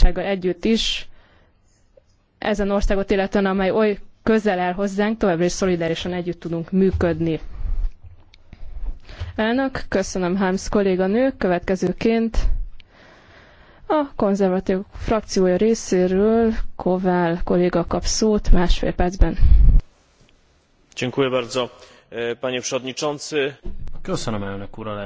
bizottsággal együtt is ezen országot illetően, amely oly közel áll hozzánk, továbbra is szolidárisan együtt tudunk működni. Elnök, köszönöm Harms kolléganő, következőként a konzervatív frakciója részéről Kovál kolléga kap szót másfél percben. Dziękuję bardzo, e, panie przewodniczący. Köszönöm elnök